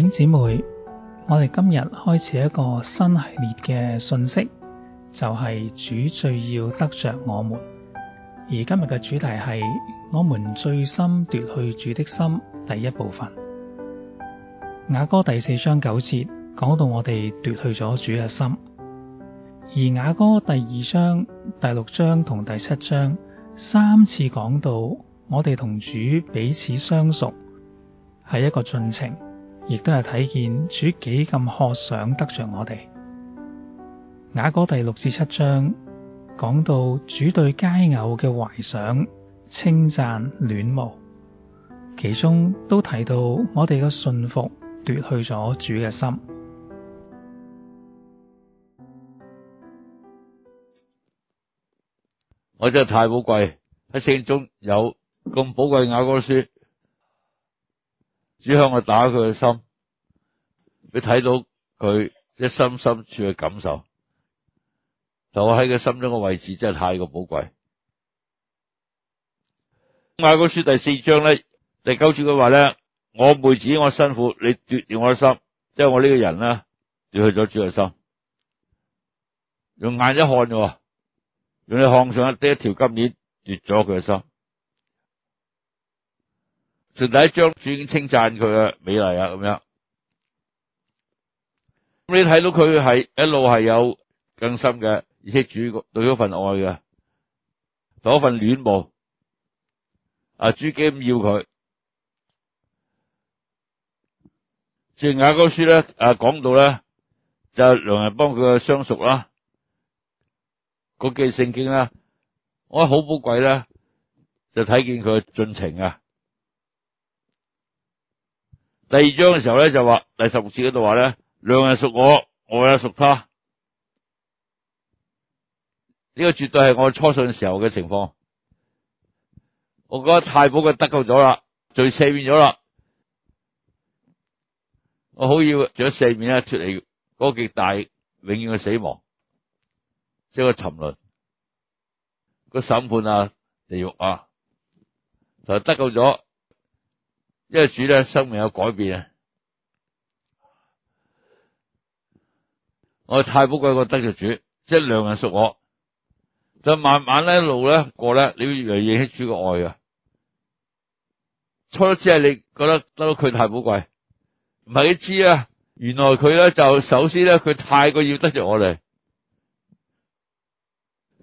兄姐妹，我哋今日開始一個新系列嘅信息，就係、是、主最要得着我們。而今日嘅主題係我們最深奪去主的心，第一部分。雅歌第四章九節講到我哋奪去咗主嘅心，而雅歌第二章、第六章同第七章三次講到我哋同主彼此相屬，係一個進程。亦都係睇見主幾咁渴想得着我哋。雅歌第六至七章講到主對佳偶嘅懷想、稱讚、戀慕，其中都提到我哋嘅信服奪去咗主嘅心。我真係太寶貴喺聖經中有咁寶貴雅歌書。主向我打佢嘅心，你睇到佢一心深，深處嘅感受，就喺佢心中嘅位置真係太過寶貴。雅歌書第四章咧，第九節佢話咧：，我妹子，我新婦，你奪掉我嘅心，即係我呢個人咧，奪去咗主嘅心，用眼一看啫，用你項上得一條金鏈奪咗佢嘅心。剩第一章，主已經稱讚佢嘅美麗啊，咁樣。咁你睇到佢係一路係有更深嘅，而且主對嗰份愛嘅，同一份戀慕。啊，主基督要佢。最雅歌書咧，啊講到咧，就良人邦佢嘅相熟啦，嗰幾聖經咧，我好寶貴咧，就睇見佢嘅進程啊。第二章嘅時候咧，就話第十六節嗰度話咧，良人屬我，我也屬他。呢、這個絕對係我的初信嘅時候嘅情況。我覺得太保佢得救咗啦，罪赦免咗啦。我好要除咗赦免啊，脫離嗰個極大永遠嘅死亡，即個個沉淪、個審判啊、地獄啊，就得救咗。因為主咧生命有改變啊！我太寶貴，覺得着主，即係良人屬我。就慢慢咧一路咧過咧，你會越嚟越認識主嘅愛啊！初只係你覺得得到佢太寶貴，唔係你知啊？原來佢咧就首先咧，佢太過要得着我哋，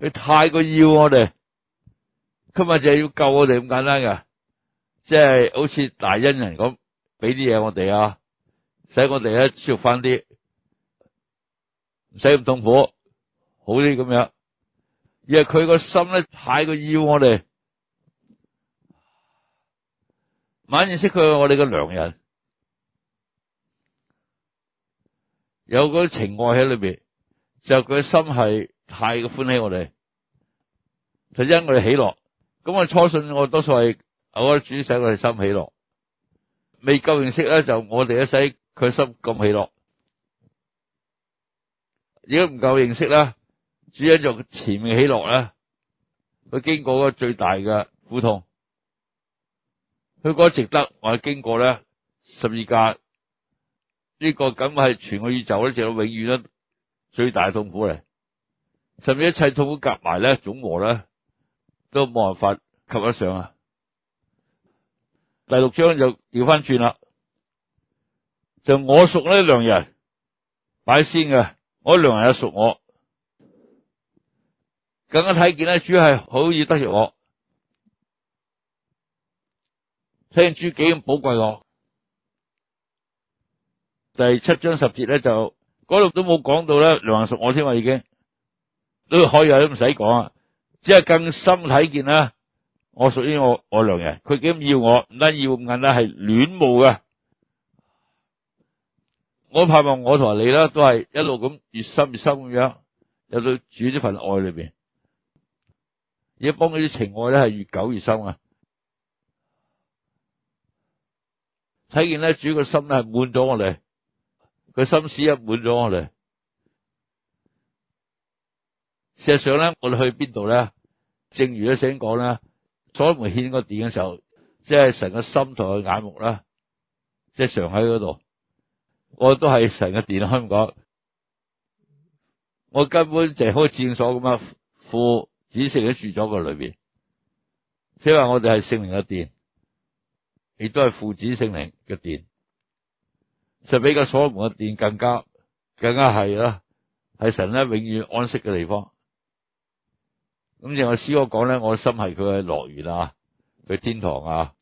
佢太過要我哋，佢咪就係要救我哋咁簡單㗎。即係好似大恩人咁，俾啲嘢我哋啊，使我哋咧舒服翻啲，唔使咁痛苦，好啲咁樣。而係佢個心咧，太過要我哋，晚認識佢係我哋嘅良人，有嗰啲情愛喺裏邊，就佢個心係太過歡喜我哋，就因我哋喜樂。咁我初信，我多數係。我覺得主使我哋心喜樂，未夠認識咧，就我哋一使佢心咁喜樂。如果唔夠認識咧，主恩就前面喜樂咧，佢經過嗰最大嘅苦痛，佢覺得值得我哋經過咧十字架呢、這個咁係全個宇宙咧，直到永遠咧最大嘅痛苦嚟，甚至一切痛苦夾埋咧總和咧都冇辦法及得上啊！第六章就調翻轉啦，就我屬呢良人擺先嘅，我良人又屬我，更加睇見咧主要係好易得着我，聽見主幾咁寶貴我。第七章十節咧，就嗰度都冇講到咧良人屬我添啊已經，都可以都唔使講啊，只係更深睇見啦。我屬於我我良人，佢竟唔要我唔得，要唔得係戀慕嘅。我盼望我同你啦，都係一路咁越深越深咁樣，入到主呢份愛裏邊，而家幫佢啲情愛咧係越久越深啊！睇見咧，主個心咧係滿咗我哋，佢心思呀滿咗我哋。事實上咧，我哋去邊度咧？正如咧先講咧。所門獻個殿嘅時候，即係神嘅心同佢眼目啦，即係常喺嗰度。我都係神嘅殿，香港我根本就係好似所咁啊，父子聖靈喺住咗個裏邊。即係話我哋係聖靈嘅殿，亦都係父子聖靈嘅殿，就比個所門嘅殿更加更加係啦，係神咧永遠安息嘅地方。咁正如我師哥講咧，我嘅心係佢嘅樂園啊，佢天堂啊，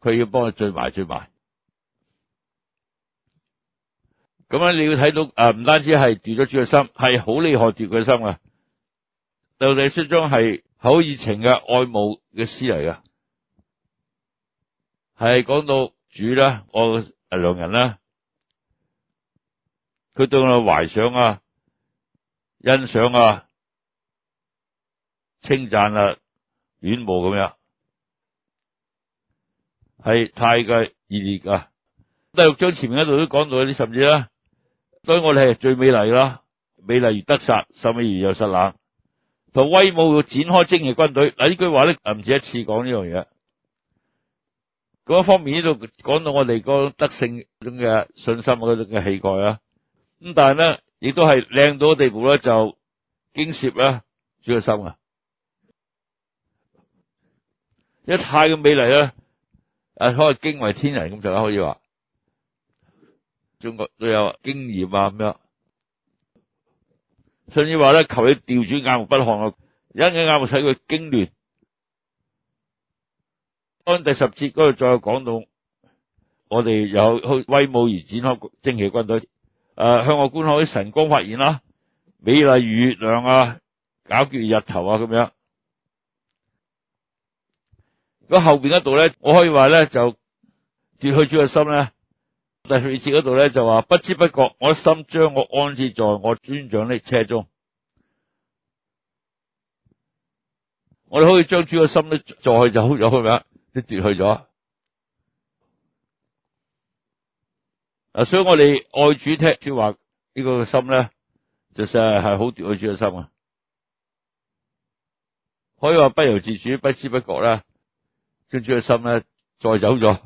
佢要幫我追埋追埋。咁樣你要睇到，啊，唔單止係奪咗主嘅心，係好厲害奪佢嘅心啊！《舊約》書中係好熱情嘅愛慕嘅詩嚟嘅，係講到主啦，我嘅良人啦，佢對我懷想啊！欣賞啊，稱讚啊，戀慕咁樣，係太過熱烈啊！第六章前面一度都講到啲，甚至啦，所以我哋係最美麗啦，美麗而得殺，甚美如有失冷。同威武要展開精嘅軍隊，嗱呢句話咧，唔止一次講呢樣嘢。嗰一方面呢度講到我哋嗰種得勝，種嘅信心，嗰種嘅氣概啊。咁但係咧，亦都係靚到嘅地步咧，就驚攝咧主嘅心啊！一太咁美麗咧，啊可以驚為天人咁，就可以話中國都有經驗啊咁樣，甚至話咧求你調轉眼目不看我，一眼眼目使佢驚亂。當第十節嗰度再講到我哋有去威武而展開旌旗軍隊。誒、呃，向我觀看啲晨光發現啦，美麗如月亮啊，皎潔日頭啊，咁樣。咁後邊嗰度咧，我可以話咧就奪去主嘅心咧，但係第二節度咧就話不知不覺，我心將我安置在我尊長的車中，我哋可以將主嘅心咧再去就好咗，噉樣，即係奪去咗。所以我哋愛主聽主話呢個心咧，就實係好愛主嘅心啊！可以話不由自主、不知不覺啦，將主嘅心咧奪走咗。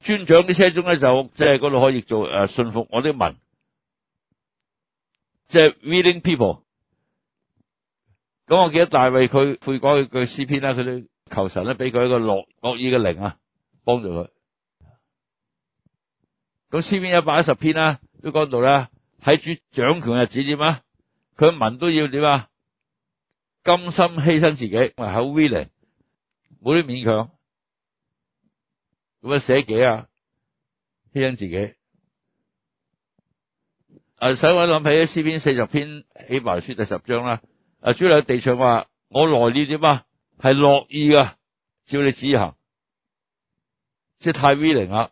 尊長啲車中咧就即係嗰度可以做誒，信服我啲民，即係 willing people。咁我記得大衛佢悔改佢詩篇啦，佢都求神咧俾佢一個樂樂意嘅靈啊，幫助佢。咁詩篇一百一十篇啦、啊，都講到啦，喺主掌權日子點啊？佢民都要點啊？甘心犧牲自己，唔係好 willing，冇啲勉強。咁啊，寫幾啊？犧牲自己。誒、啊，使我諗起詩篇四十篇起埋書第十章啦、啊。主流地上話：我樂意點啊？係樂意噶，照你旨意行，即係太 willing 啊！